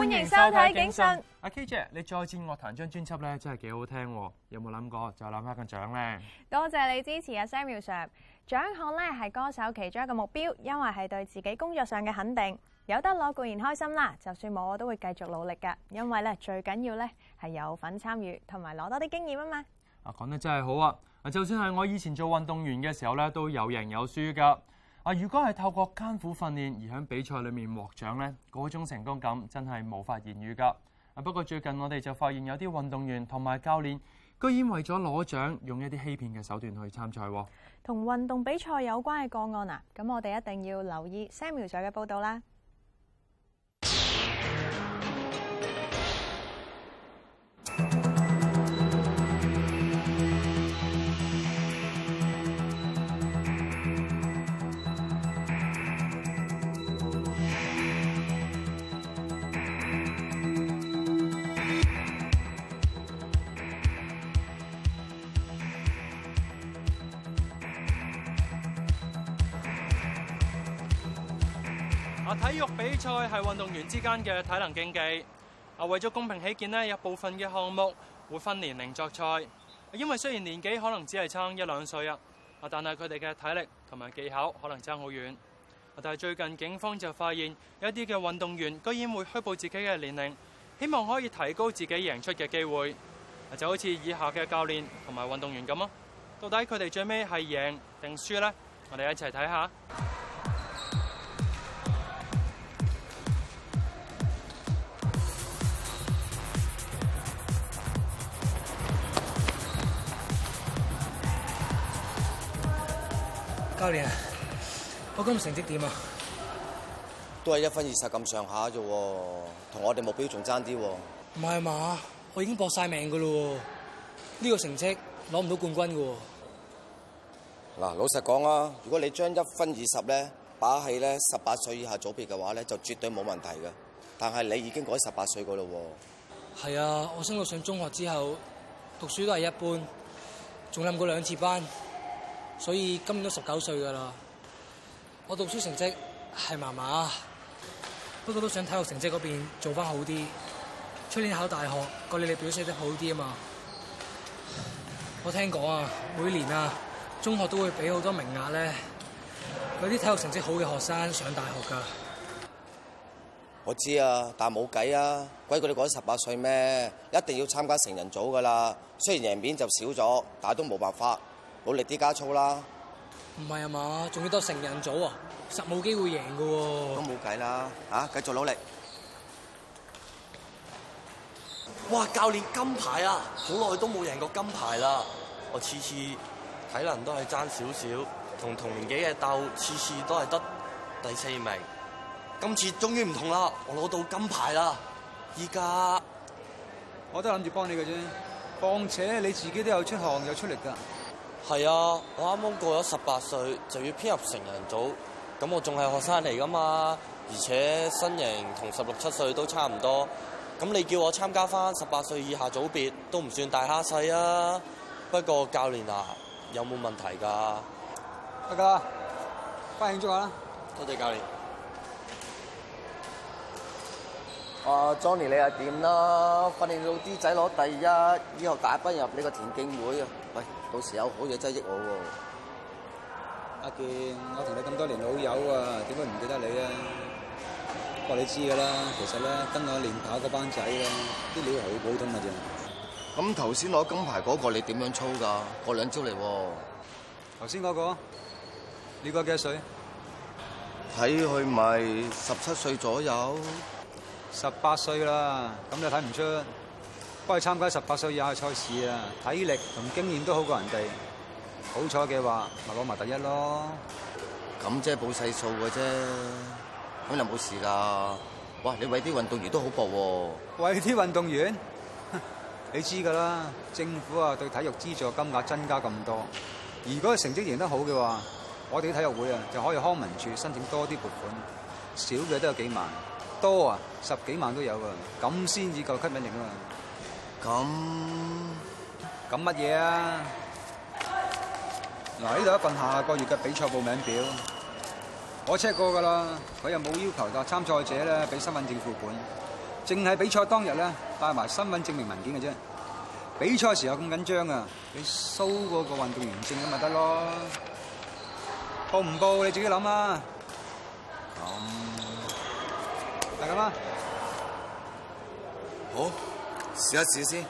歡迎收睇警訊。阿 KJ，你再戰樂壇張專輯咧，真係幾好聽喎！有冇諗過就攬翻個獎咧？多謝你支持阿 Samuel 上獎項咧，係歌手其中一個目標，因為係對自己工作上嘅肯定。有得攞固然開心啦，就算冇我都會繼續努力㗎，因為咧最緊要咧係有份參與同埋攞多啲經驗啊嘛。啊，講得真係好啊！啊，就算係我以前做運動員嘅時候咧，都有贏有輸噶。啊！如果係透過艱苦訓練而喺比賽裏面獲獎咧，嗰種成功感真係無法言語㗎。不過最近我哋就發現有啲運動員同埋教練，居然為咗攞獎，用一啲欺騙嘅手段去參賽。同運動比賽有關嘅個案啊，咁我哋一定要留意 Samuel 仔嘅報導啦。賽係運動員之間嘅體能競技。啊，為咗公平起見呢，有部分嘅項目會分年齡作賽。因為雖然年紀可能只係差一兩歲啊，啊，但係佢哋嘅體力同埋技巧可能差好遠。但係最近警方就發現，有一啲嘅運動員居然會虛報自己嘅年齡，希望可以提高自己贏出嘅機會。就好似以下嘅教練同埋運動員咁囉，到底佢哋最尾係贏定輸呢？我哋一齊睇下。教練啊，我今日成績點啊？都係一分二十咁上下啫，同我哋目標仲爭啲。唔係嘛，我已經搏晒命噶咯，呢個成績攞唔到冠軍噶。嗱，老實講啊，如果你將一分二十咧，擺喺咧十八歲以下組別嘅話咧，就絕對冇問題噶。但係你已經改十八歲噶咯。係啊，我升到上中學之後，讀書都係一般，仲冧過兩次班。所以今年都十九歲噶啦，我讀書成績係麻麻，不過都想體育成績嗰邊做翻好啲。出年考大學，嗰你哋表現得好啲啊嘛。我聽講啊，每年啊，中學都會俾好多名額咧，嗰啲體育成績好嘅學生上大學噶。我知啊，但係冇計啊，鬼佢哋講十八歲咩？一定要參加成人組噶啦。雖然贏面就少咗，但係都冇辦法。努力啲加操啦！唔係啊嘛，仲要到成人組啊，實冇機會贏噶。都冇計啦，吓，繼續努力！哇，教練金牌啊，好耐都冇贏過金牌啦！我次次體能都係爭少少，同同年紀嘅鬥，次次都係得第四名。今次終於唔同啦，我攞到金牌啦！依家我都諗住幫你嘅啫，況且你自己都有出汗有出力噶。係啊，我啱啱過咗十八歲，就要編入成人組。咁我仲係學生嚟噶嘛？而且身形同十六七歲都差唔多。咁你叫我參加翻十八歲以下組別，都唔算大蝦細啊。不過教練啊，有冇問題㗎？阿哥，翻去慶祝下啦！多謝教練。阿、uh, Johnny 你又點啦？訓練到啲仔攞第一，以後大班入呢個田徑會啊！到時有好嘢擠益我喎，阿健，我同你咁多年老友啊，點解唔記得你啊？不過你知噶啦，其實咧，跟我練跑嗰班仔咧，啲料係好普通嘅啫。咁頭先攞金牌嗰個你點樣操㗎？過兩招嚟喎。頭先嗰個，你個幾多歲？睇佢咪十七歲左右，十八歲啦，咁你睇唔出。幫佢參加十八歲以下嘅賽事啊！體力同經驗都好過人哋，好彩嘅話咪攞埋第一咯。咁即係報細數嘅啫，肯定冇事㗎。哇！你為啲運動員都好搏喎，為啲運動員 你知㗎啦。政府啊對體育資助金額增加咁多，如果成績贏得好嘅話，我哋啲體育會啊就可以康民處申請多啲撥款，少嘅都有幾萬，多啊十幾萬都有㗎，咁先至夠吸引力㗎嘛。咁咁乜嘢啊？嗱，呢度一份下個月嘅比賽報名表，我 check 過噶啦，佢又冇要求就參賽者咧俾身份證副本，淨係比賽當日咧帶埋身份證明文件嘅啫。比賽時候咁緊張啊，你 show 嗰個運動員證咁咪得咯？報唔報你自己諗啦。咁，係咁啦，好。試一試先，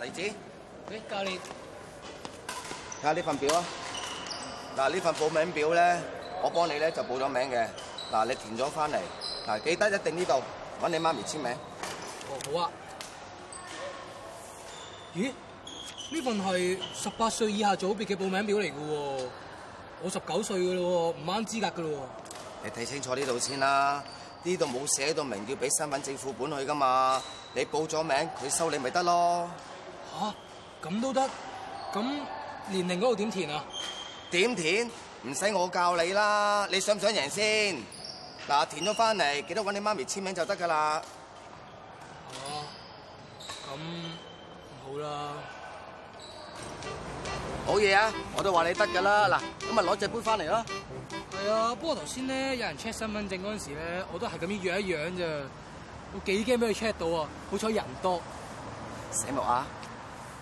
黎子，喂，教你，睇下呢份表啊。嗱、嗯，呢份報名表咧、嗯，我幫你咧就報咗名嘅。嗱、嗯，你填咗翻嚟，嗱，記得一定呢度揾你媽咪簽名。哦，好啊。咦，呢份係十八歲以下組別嘅報名表嚟噶喎，我十九歲噶咯，唔啱資格噶咯。你睇清楚呢度先啦。呢度冇寫到明要俾身份證副本去噶嘛？你報咗名佢收你咪得咯。吓，咁都得？咁年齡嗰度點填啊？點填？唔使我教你啦。你想唔想贏先？嗱，填咗翻嚟，記得搵你媽咪簽名就得噶啦。哦，咁好啦。好嘢啊！我都話你得噶啦。嗱，咁咪攞隻杯翻嚟咯。係啊，不過頭先咧有人 check 身份證嗰陣時咧，我都係咁樣樣一樣咋，我幾驚俾佢 check 到啊！好彩人多，醒目啊！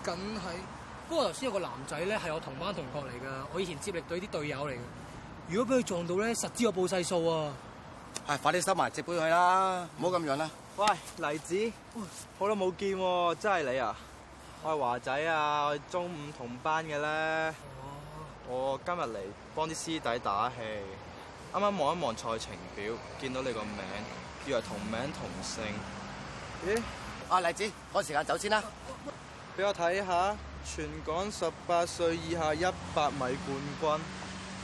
梗係，不過頭先有個男仔咧係我同班同學嚟噶，我以前接力隊啲隊友嚟嘅，如果俾佢撞到咧，實知我報細數啊！係，快啲收埋隻杯去啦，唔好咁樣啦。喂，黎子，好耐冇見喎，真係你啊！我係華仔啊，我哋中午同班嘅咧。哦，我今日嚟。幫啲師弟打氣。啱啱望一望賽程表，見到你個名，以為同名同姓。咦、欸？啊，黎子，趕時間走先啦。俾我睇下全港十八歲以下一百米冠軍。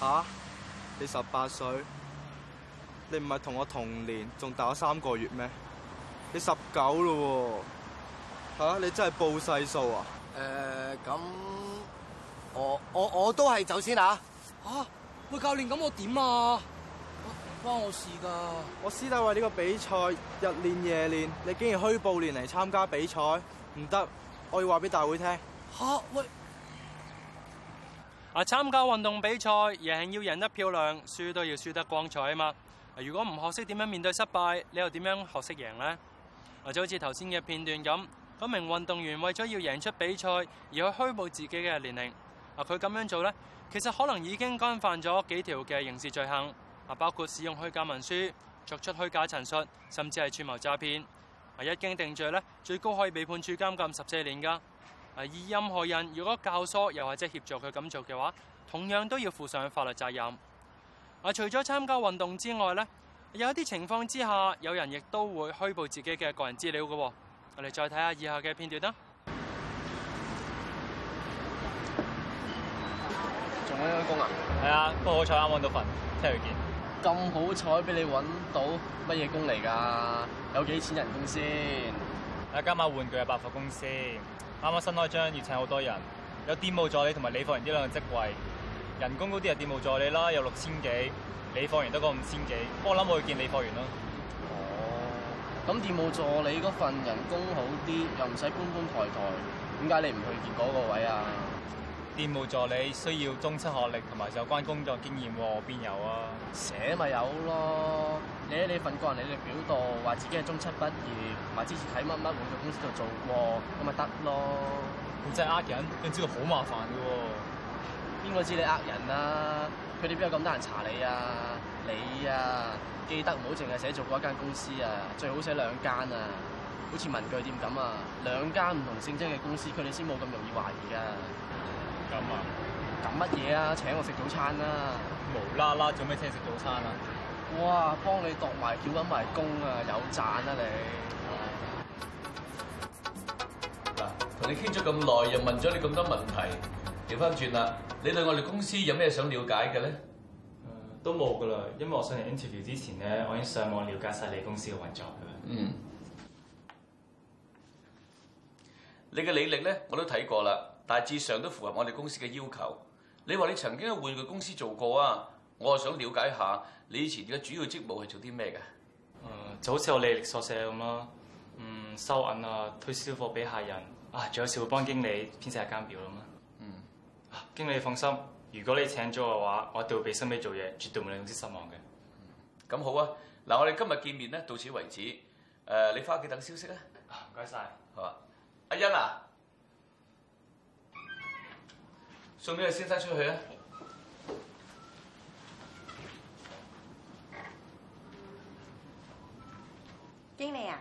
吓、啊？你十八歲？你唔係同我同年，仲大我三個月咩？你十九咯喎。吓、啊？你真係報細數啊？誒、呃，咁我我我都係走先吓。啊喂，教練咁我點啊？唔、啊、關我的事噶。我師弟為呢個比賽日練夜練，你竟然虛報年齡嚟參加比賽，唔得！我要話俾大會聽，啊。吓、啊、喂！啊，參加運動比賽，贏要贏得漂亮，輸都要輸得光彩嘛啊嘛！如果唔學識點樣面對失敗，你又點樣學識贏呢？啊，就好似頭先嘅片段咁，嗰名運動員為咗要贏出比賽，而去虛報自己嘅年齡。啊，佢咁樣做呢其實可能已經干犯咗幾條嘅刑事罪行，啊，包括使用虛假文書、作出虛假陳述，甚至係串謀詐騙。啊，一經定罪呢，最高可以被判處監禁十四年噶。啊，而任何人如果教唆又或者協助佢咁做嘅話，同樣都要負上法律責任。啊，除咗參加運動之外呢，有一啲情況之下，有人亦都會虛報自己嘅個人資料噶。我哋再睇下以下嘅片段啦。係啊，不過、啊、好彩啱搵到份，聽日去見。咁好彩俾你搵到乜嘢工嚟噶？有幾錢人工先？啊，加埋玩具嘅百貨公司，啱啱新開張，要請好多人，有店務助理同埋理貨員呢兩個職位，人工嗰啲係店務助理啦，有六千幾，理貨員得個五千幾。不過我諗我去見理貨員咯。哦，咁店務助理嗰份人工好啲，又唔使搬搬抬抬，點解你唔去見嗰個位啊？店務助理需要中七學歷同埋有關工作經驗喎，邊有啊？寫咪有咯，你喺你份個人履歷表度，話自己係中七畢業，同埋之前喺乜乜玩具公司度做過，咁咪得咯。咁即係呃人，你知道好麻煩噶。邊個知你呃人啊？佢哋邊有咁多人查你啊？你啊，記得唔好淨係寫做過一間公司啊，最好寫兩間啊，好似文具店咁啊，兩間唔同性質嘅公司，佢哋先冇咁容易懷疑啊。咁啊！咁乜嘢啊？請我食早餐啊！無啦啦做咩請食早餐啊？哇！幫你度埋，繳緊埋工啊！有賺啊、嗯、你！嗱，同你傾咗咁耐，又問咗你咁多問題，調翻轉啦！你對我哋公司有咩想了解嘅咧、嗯？都冇噶啦，因為我上嚟 interview 之前咧，我已經上網了解晒你公司嘅運作噶啦。嗯。你嘅履歷咧，我都睇過啦。大致上都符合我哋公司嘅要求。你話你曾經喺玩具公司做過啊？我又想了解一下你以前嘅主要職務係做啲咩嘅？誒、嗯，就好似我力力索舍咁啦。嗯，收銀啊，推銷貨俾客人啊，仲有時會幫經理編寫日間表啦。嗯、啊，啊，經理放心，如果你請咗嘅話，我一定會俾心機做嘢，絕對唔會令你失望嘅。咁、啊、好啊，嗱，我哋今日見面咧，到此為止。誒、啊，你翻屋企等消息啊？唔該晒，好啊，阿欣啊。送呢個先生出去啊！經理啊，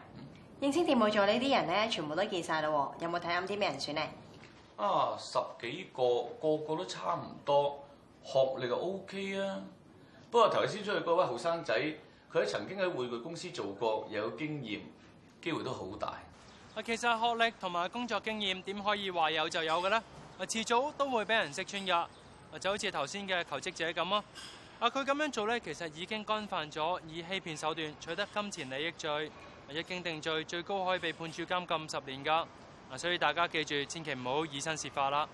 嗯、應徵電務座呢啲人咧，全部都見曬咯。有冇睇啱啲咩人選咧？啊，十幾個個個都差唔多，學歷就 OK 啊。不過頭先出去嗰位後生仔，佢喺曾經喺玩具公司做過，又有經驗，機會都好大。啊，其實學歷同埋工作經驗點可以話有就有嘅咧？啊，遲早都會俾人識穿噶，就好似頭先嘅求職者咁咯。啊，佢咁樣做咧，其實已經干犯咗以欺騙手段取得金錢利益罪，一經定罪，最高可以被判處監禁十年噶。啊，所以大家記住，千祈唔好以身試法啦。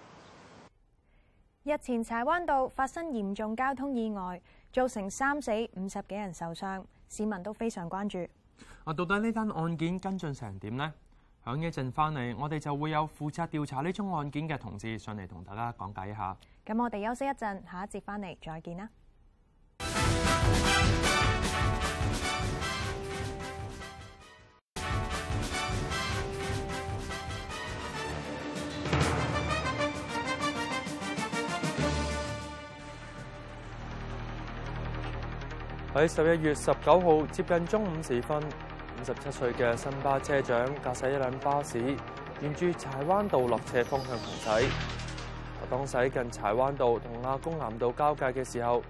日前柴灣道發生嚴重交通意外，造成三死五十幾人受傷，市民都非常關注。啊，到底呢單案件跟進成點呢？響一陣翻嚟，我哋就會有負責調查呢宗案件嘅同事上嚟同大家講解一下。咁我哋休息一陣，下一節翻嚟再見啦。喺十一月十九號接近中午時分，三十七歲嘅新巴車長駕駛一輛巴士，沿住柴灣道落斜方向行駛。當駛近柴灣道同亞公岩道交界嘅時候，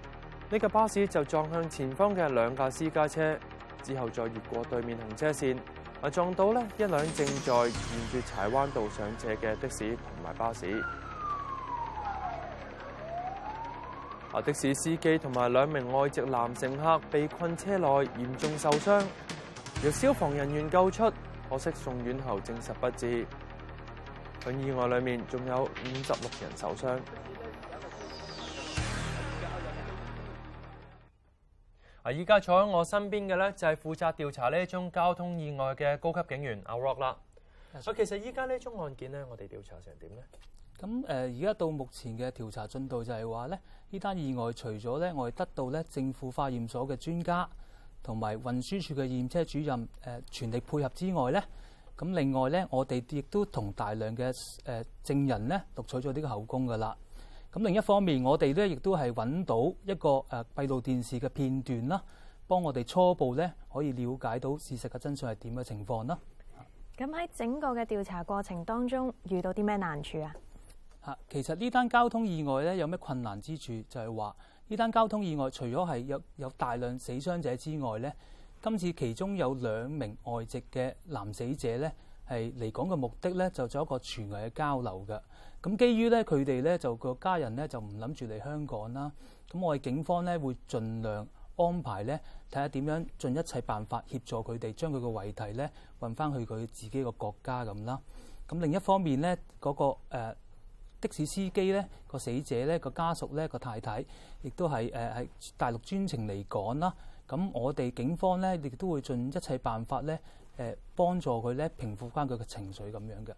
呢架巴士就撞向前方嘅兩架私家車，之後再越過對面行車線，而撞到一輛正在沿住柴灣道上斜嘅的、的士同埋巴士。啊！的士司機同埋兩名外籍男乘客被困車內，嚴重受傷。由消防人員救出，可惜送院後證實不治。響意外裏面仲有五十六人受傷。啊，依家坐喺我身邊嘅咧就係負責調查呢一宗交通意外嘅高級警員阿 Rock 啦。啊，所以其實依家呢宗案件咧，我哋調查成點咧？咁誒，而家到目前嘅調查進度就係話咧，呢單意外除咗咧，我哋得到咧政府化驗所嘅專家。同埋運輸署嘅驗車主任誒、呃、全力配合之外咧，咁另外咧，我哋亦都同大量嘅誒、呃、證人咧錄取咗呢個口供噶啦。咁另一方面，我哋咧亦都係揾到一個誒、呃、閉路電視嘅片段啦，幫我哋初步咧可以了解到事實嘅真相係點嘅情況啦。咁喺整個嘅調查過程當中，遇到啲咩難處啊？嚇，其實呢單交通意外咧，有咩困難之處？就係話呢單交通意外，除咗係有有大量死傷者之外咧，今次其中有兩名外籍嘅男死者咧，係嚟港嘅目的咧，就做一個傳媒嘅交流嘅。咁基於咧，佢哋咧就個家人咧就唔諗住嚟香港啦。咁我哋警方咧會盡量安排咧，睇下點樣盡一切辦法協助佢哋將佢個遺體咧運翻去佢自己個國家咁啦。咁另一方面咧，嗰、嗰個、呃的士司機咧，個死者咧，個家屬咧，個太太亦都係誒喺大陸專程嚟趕啦。咁我哋警方咧亦都會盡一切辦法咧誒、呃、幫助佢咧平復翻佢嘅情緒咁樣嘅。啊、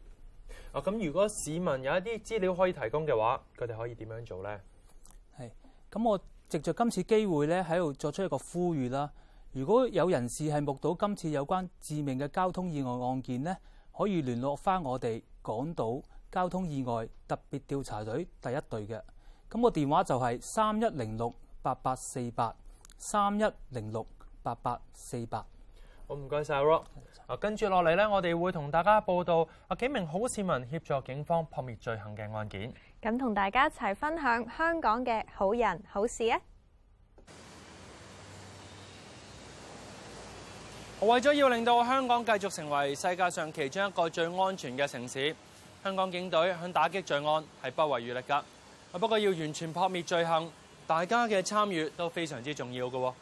哦，咁如果市民有一啲資料可以提供嘅話，佢哋可以點樣做咧？係咁，我藉着今次機會咧喺度作出一個呼籲啦。如果有人士係目睹今次有關致命嘅交通意外案件咧，可以聯絡翻我哋港島。交通意外特別調查隊第一隊嘅咁個電話就係三一零六八八四八三一零六八八四八。好，唔該晒 Rock。跟住落嚟呢，我哋會同大家報道啊，幾名好市民協助警方撲滅罪行嘅案件。咁同大家一齊分享香港嘅好人好事咧。為咗要令到香港繼續成為世界上其中一個最安全嘅城市。香港警隊響打擊罪案係不遺餘力噶。不過要完全撲滅罪行，大家嘅參與都非常之重要嘅。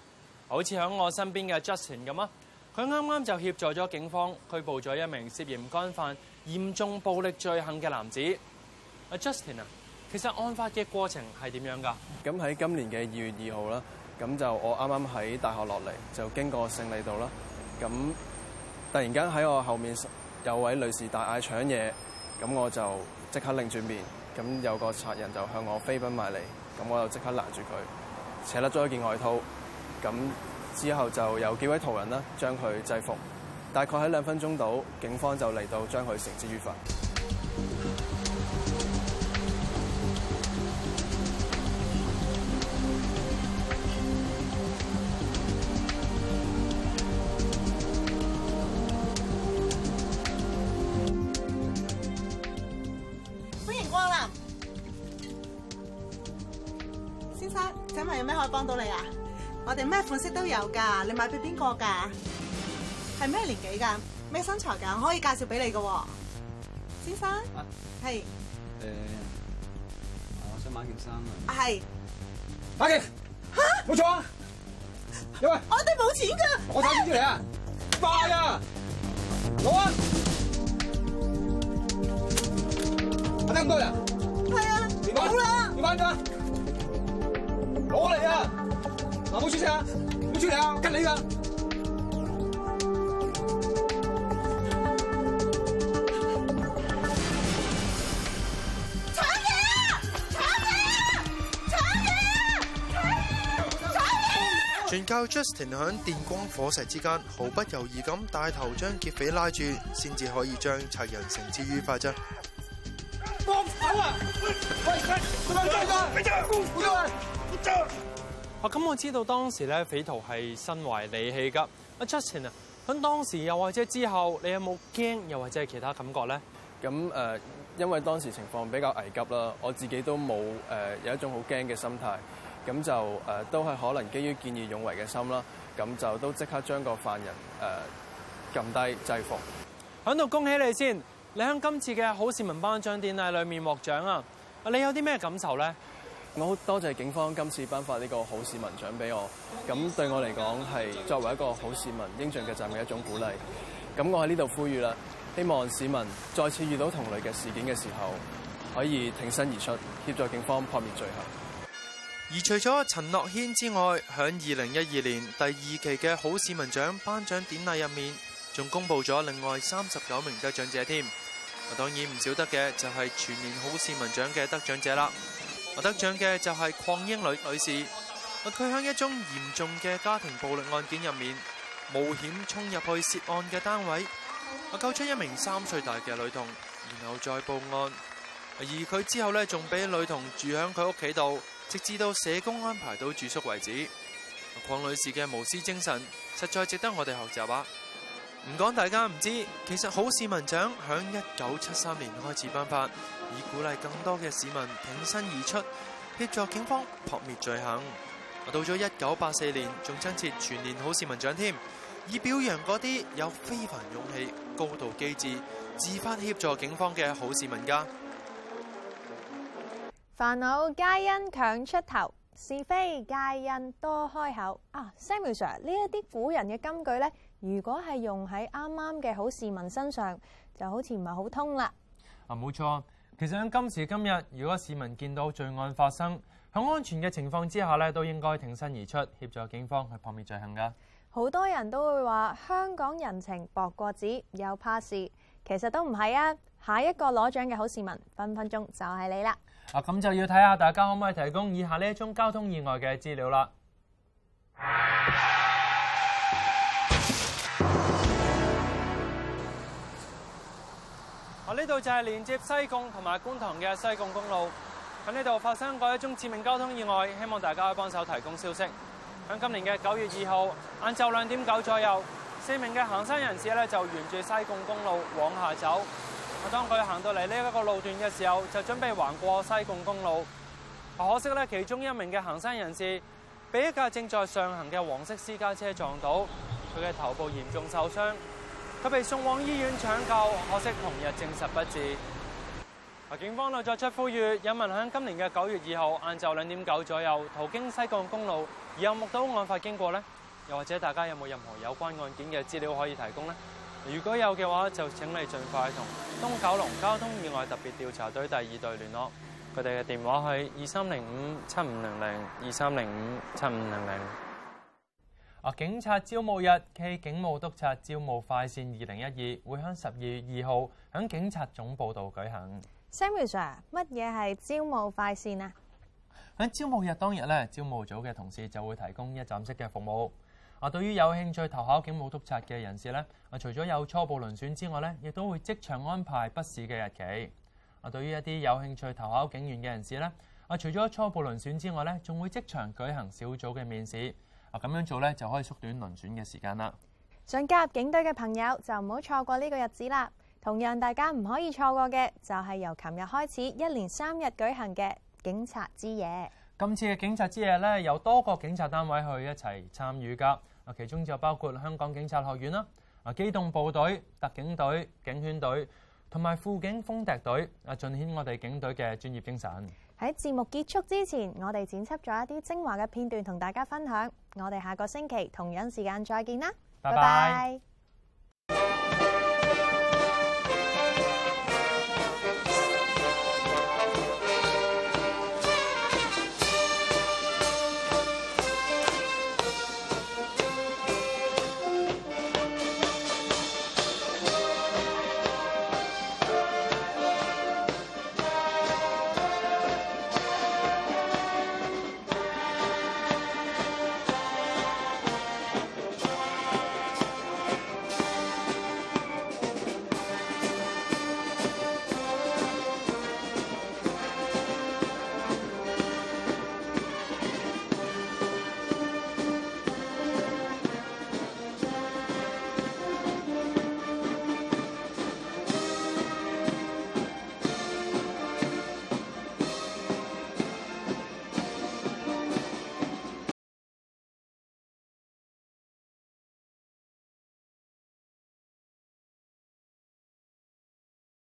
好似響我身邊嘅 Justin 咁啊，佢啱啱就協助咗警方拘捕咗一名涉嫌干犯嚴重暴力罪行嘅男子。Justin 啊，其實案發嘅過程係點樣噶？咁喺今年嘅二月二號啦，咁就我啱啱喺大學落嚟，就經過勝利道啦。咁突然間喺我後面有位女士大嗌搶嘢。咁我就即刻擰轉面，咁有個賊人就向我飛奔埋嚟，咁我又即刻攔住佢，扯甩咗一件外套，咁之後就有幾位途人咧將佢制服，大概喺兩分鐘到，警方就嚟到將佢繩之於法。咩款式都有噶，你買俾邊個噶？係咩年紀噶？咩身材噶？我可以介紹俾你噶，先生。係。誒，我想買件衫啊。係。阿杰。吓，冇錯啊。有位。我哋冇錢噶。我睇唔出嚟啊，快啊，攞啊！我得咁多人。係啊，冇啦。點辦噶？攞嚟啊！阿哥出嚟啊！唔出嚟啊！幹你個！全靠 Justin 響電光火石之間，毫不猶豫咁帶頭將劫匪拉住，先至可以將賊人繩之於法啫。冇錯啊！快走！快走！快走！快走！咁、啊嗯、我知道當時咧匪徒係身懷利器噶。阿 Justin 啊，響當時又或者之後，你有冇驚？又或者係其他感覺咧？咁、呃、因為當時情況比較危急啦，我自己都冇有、呃、有一種好驚嘅心態。咁就、呃、都係可能基於見義勇為嘅心啦。咁就都即刻將個犯人誒撳、呃、低制服。喺度恭喜你先！你喺今次嘅好市民頒獎典禮裏面獲獎啊！你有啲咩感受咧？我好多謝警方今次頒發呢個好市民獎俾我，咁對我嚟講係作為一個好市民應盡嘅責任嘅一種鼓勵。咁我喺呢度呼籲啦，希望市民再次遇到同類嘅事件嘅時候，可以挺身而出協助警方撲滅罪行。而除咗陳樂軒之外，響二零一二年第二期嘅好市民獎頒獎典禮入面，仲公布咗另外三十九名得獎者添。當然唔少得嘅就係全年好市民獎嘅得獎者啦。獲得獎嘅就係鄺英女女士，佢喺一宗嚴重嘅家庭暴力案件入面，冒險衝入去涉案嘅單位，我救出一名三歲大嘅女童，然後再報案。而佢之後呢，仲俾女童住喺佢屋企度，直至到社工安排到住宿為止。鄺女士嘅無私精神實在值得我哋學習啊！唔講大家唔知，其實好市民獎響一九七三年開始頒發。以鼓勵更多嘅市民挺身而出，協助警方撲滅罪行。到咗一九八四年，仲增設全年好市民獎添，以表揚嗰啲有非凡勇氣、高度機智、自發協助警方嘅好市民㗎。煩惱皆因強出頭，是非皆因多開口。啊，Samuel Sir，呢一啲古人嘅金句呢，如果係用喺啱啱嘅好市民身上，就好似唔係好通啦。啊，冇錯。其實喺今時今日，如果市民見到罪案發生，喺安全嘅情況之下呢，都應該挺身而出，協助警方去撲滅罪行噶。好多人都會話香港人情薄過紙，又怕事，其實都唔係啊！下一個攞獎嘅好市民，分分鐘就係你啦！啊，咁就要睇下大家可唔可以提供以下呢一宗交通意外嘅資料啦。 我呢度就係連接西貢同埋觀塘嘅西貢公路，喺呢度發生過一宗致命交通意外，希望大家可以幫手提供消息。喺今年嘅九月二號，晏晝兩點九左右，四名嘅行山人士咧就沿住西貢公路往下走。當佢行到嚟呢一個路段嘅時候，就準備橫過西貢公路。可惜呢，其中一名嘅行山人士俾一架正在上行嘅黃色私家車撞到，佢嘅頭部嚴重受傷。佢被送往醫院搶救，可惜同日證實不治。警方又作出呼籲，有民響今年嘅九月二號晏晝兩點九左右途經西貢公路，有目睹案發經過呢，又或者大家有冇任何有關案件嘅資料可以提供呢？如果有嘅話，就請你盡快同東九龍交通意外特別調查隊第二隊聯絡，佢哋嘅電話係二三零五七五零零二三零五七五零零。啊！警察招募日暨警務督察招募快線二零一二會喺十二月二號喺警察總部度舉行。Samuel Sir，乜嘢係招募快線啊？喺招募日當日咧，招募組嘅同事就會提供一站式嘅服務。啊，對於有興趣投考警務督察嘅人士咧，啊，除咗有初步遴選之外咧，亦都會即場安排筆試嘅日期。啊，對於一啲有興趣投考警員嘅人士咧，啊，除咗初步遴選之外咧，仲會即場舉行小組嘅面試。啊，咁樣做咧就可以縮短輪轉嘅時間啦。想加入警隊嘅朋友就唔好錯過呢個日子啦。同樣，大家唔可以錯過嘅就係、是、由琴日開始一連三日舉行嘅警察之夜。今次嘅警察之夜咧，由多個警察單位去一齊參與㗎。啊，其中就包括香港警察學院啦、啊機動部隊、特警隊、警犬隊同埋輔警風笛隊啊，盡顯我哋警隊嘅專業精神。喺節目結束之前，我哋剪輯咗一啲精華嘅片段同大家分享。我哋下個星期同樣時間再見啦，拜拜。